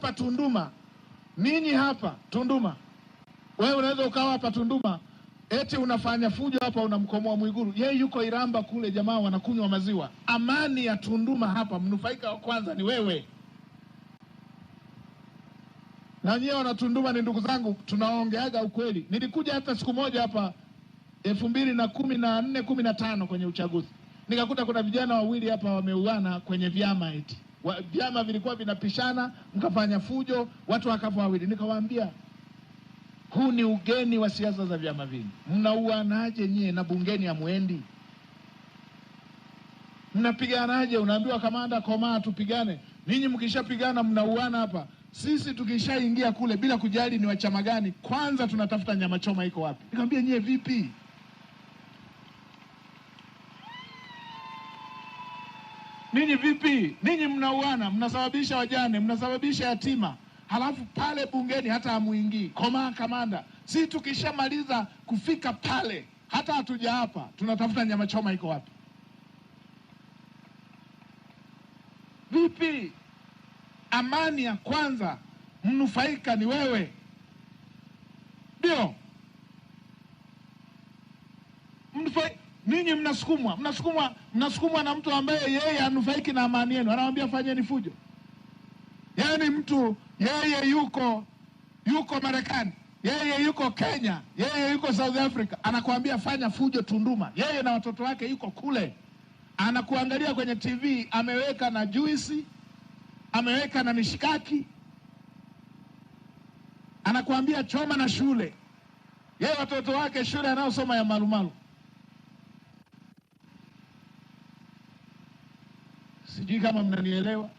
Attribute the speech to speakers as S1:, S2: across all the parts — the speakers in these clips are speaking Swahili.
S1: hapa Tunduma, ninyi hapa Tunduma, wewe unaweza ukawa hapa Tunduma eti unafanya fujo hapa, unamkomoa Mwiguru, yeye yuko Iramba kule, jamaa wanakunywa maziwa. Amani ya Tunduma hapa, mnufaika wa kwanza ni wewe na nyewe Wanatunduma ni ndugu zangu, tunaongeaga ukweli. Nilikuja hata siku moja hapa elfu mbili na kumi na nne kumi na tano kwenye uchaguzi, nikakuta kuna vijana wawili hapa wameuana kwenye vyama eti vyama vilikuwa vinapishana, mkafanya fujo, watu wakafa wawili. Nikawaambia huu ni ugeni wa siasa za vyama vingi. Mnauanaje nyie na bungeni hamwendi? Mnapiganaje? Unaambiwa kamanda, komaa, tupigane. Ninyi mkishapigana mnauana hapa, sisi tukishaingia kule bila kujali ni wachama gani, kwanza tunatafuta nyama choma iko wapi. Nikamwambia nyie vipi? Ninyi vipi? Ninyi mnauana, mnasababisha wajane, mnasababisha yatima, halafu pale bungeni hata hamuingii. Koma kamanda, si tukishamaliza kufika pale hata hatuja hapa, tunatafuta nyama choma iko wapi? Vipi? Amani ya kwanza mnufaika ni wewe, ndio. Ninyi mnasukumwa mnasukumwa mnasukumwa na mtu ambaye yeye anufaiki na amani yenu, anawambia fanyeni fujo. Yaani mtu yeye yuko yuko Marekani, yeye yuko Kenya, yeye yuko South Africa, anakuambia fanya fujo Tunduma. Yeye na watoto wake yuko kule, anakuangalia kwenye TV, ameweka na juisi, ameweka na mishikaki, anakuambia choma na shule. Yeye watoto wake shule anayosoma ya marumaru sijui kama mnanielewa.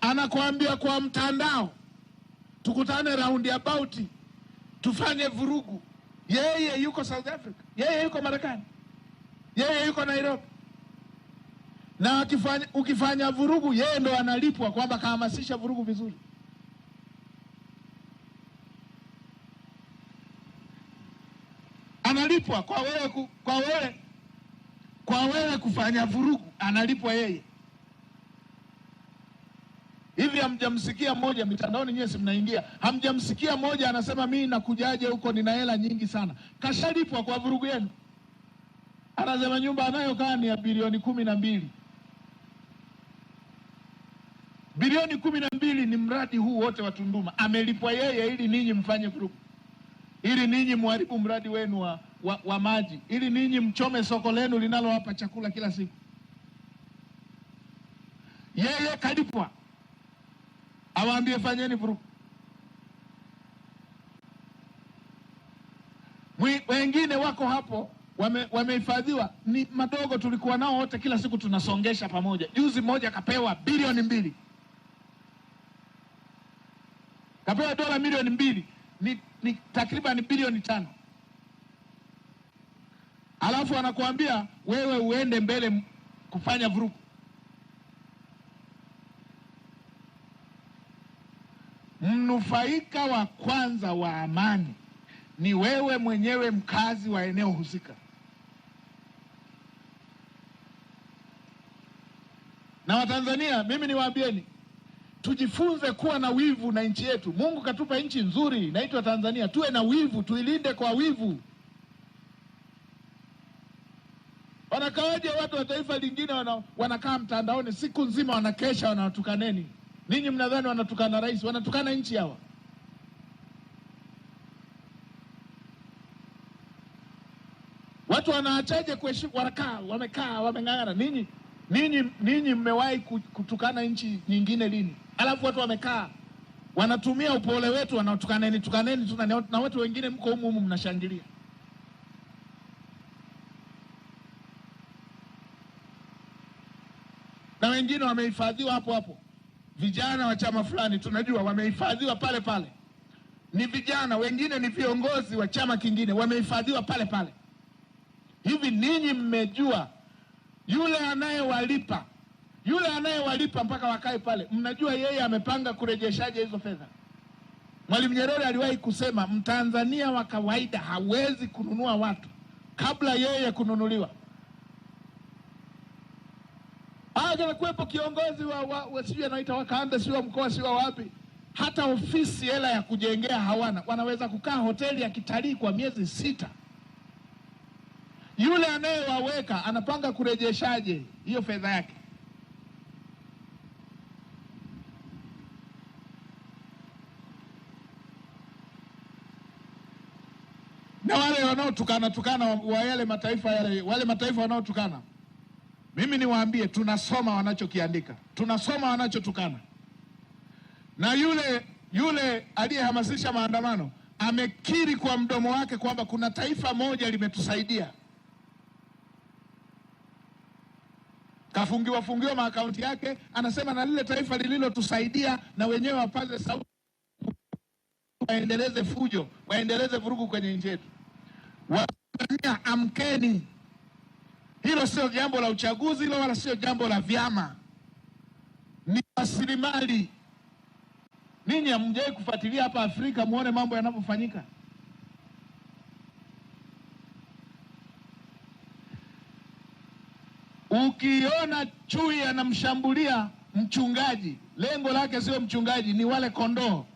S1: Anakuambia kwa mtandao, tukutane round about, tufanye vurugu. Yeye yuko South Africa, yeye yuko Marekani, yeye yuko Nairobi na ukifanya, ukifanya vurugu yeye ndo analipwa kwamba kahamasisha vurugu vizuri. Analipwa kwa wewe, kwa wewe kufanya vurugu analipwa yeye. Hivi hamjamsikia mmoja mitandaoni, nyewe si mnaingia, hamjamsikia mmoja anasema mimi nakujaje huko, nina hela nyingi sana. Kashalipwa kwa vurugu yenu. Anasema nyumba anayokaa ni ya bilioni kumi na mbili. Bilioni kumi na mbili ni mradi huu wote wa Tunduma, amelipwa yeye ili ninyi mfanye vurugu ili ninyi mharibu mradi wenu wa, wa, wa maji, ili ninyi mchome soko lenu linalowapa chakula kila siku. Yeye kalipwa awaambie fanyeni vurugu. Wengine wako hapo wamehifadhiwa, ni madogo, tulikuwa nao wote, kila siku tunasongesha pamoja. Juzi mmoja akapewa bilioni mbili, kapewa dola milioni mbili ni, ni takriban bilioni tano alafu anakuambia wewe uende mbele kufanya vurugu. Mnufaika wa kwanza wa amani ni wewe mwenyewe, mkazi wa eneo husika. Na Watanzania, mimi niwaambieni tujifunze kuwa na wivu na nchi yetu. Mungu katupa nchi nzuri inaitwa Tanzania, tuwe na wivu, tuilinde kwa wivu. Wanakawaje watu wa taifa lingine wana, wanakaa mtandaoni siku nzima wanakesha, wanawatukaneni ninyi. Mnadhani wanatukana rais? Wanatukana nchi hawa. Watu wanaachaje kuheshimu? Wanakaa wamekaa wameng'ang'ana. Ninyi ninyi ninyi mmewahi kutukana nchi nyingine lini? alafu watu wamekaa wanatumia upole wetu, wanatukaneni tukaneni tuna na watu wengine mko humu humu mnashangilia. Na wengine wamehifadhiwa hapo hapo, vijana wa chama fulani tunajua wamehifadhiwa pale pale, ni vijana wengine ni viongozi wa chama kingine wamehifadhiwa pale pale. Hivi ninyi mmejua yule anayewalipa yule anayewalipa mpaka wakae pale, mnajua yeye amepanga kurejeshaje hizo fedha? Mwalimu Nyerere aliwahi kusema Mtanzania wa kawaida hawezi kununua watu kabla yeye kununuliwa. Ah, Kuwepo kiongozi wa, wa, wa sijui anaita si wa mkoa si wa wapi, hata ofisi hela ya kujengea hawana, wanaweza kukaa hoteli ya kitalii kwa miezi sita. Yule anayewaweka anapanga kurejeshaje hiyo fedha yake? wanaotukana tukana wa yale mataifa yale, wale mataifa wanaotukana, mimi niwaambie, tunasoma wanachokiandika, tunasoma wanachotukana, na yule yule aliyehamasisha maandamano amekiri kwa mdomo wake kwamba kuna taifa moja limetusaidia. Kafungiwa fungiwa maakaunti yake, anasema na lile taifa lililotusaidia na wenyewe wapaze sauti, waendeleze fujo, waendeleze vurugu kwenye nchi yetu. Watanzania amkeni, hilo sio jambo la uchaguzi, hilo wala sio jambo la vyama, ni rasilimali. Ninyi hamjawahi kufuatilia hapa Afrika muone mambo yanavyofanyika. Ukiona chui anamshambulia mchungaji, lengo lake sio mchungaji, ni wale kondoo.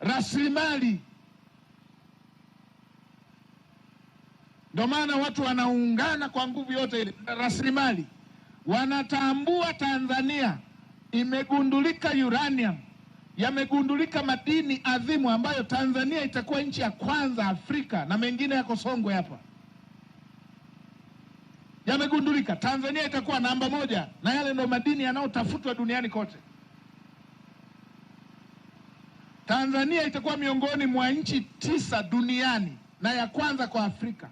S1: Rasilimali Ndio maana watu wanaungana kwa nguvu yote ile, rasilimali wanatambua Tanzania imegundulika uranium, yamegundulika madini adhimu ambayo Tanzania itakuwa nchi ya kwanza Afrika, na mengine yako Songwe hapa yamegundulika. Tanzania itakuwa namba moja, na yale ndio madini yanayotafutwa duniani kote. Tanzania itakuwa miongoni mwa nchi tisa duniani na ya kwanza kwa Afrika.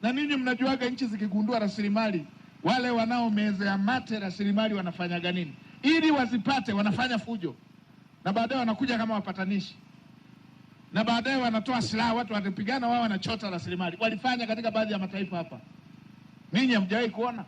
S1: Na ninyi mnajuaga nchi zikigundua rasilimali, wale wanaomezea mate rasilimali wanafanyaga nini ili wazipate? Wanafanya fujo, na baadaye wanakuja kama wapatanishi, na baadaye wanatoa silaha, watu wanapigana, wao wanachota rasilimali. Walifanya katika baadhi ya mataifa hapa, ninyi hamjawahi kuona?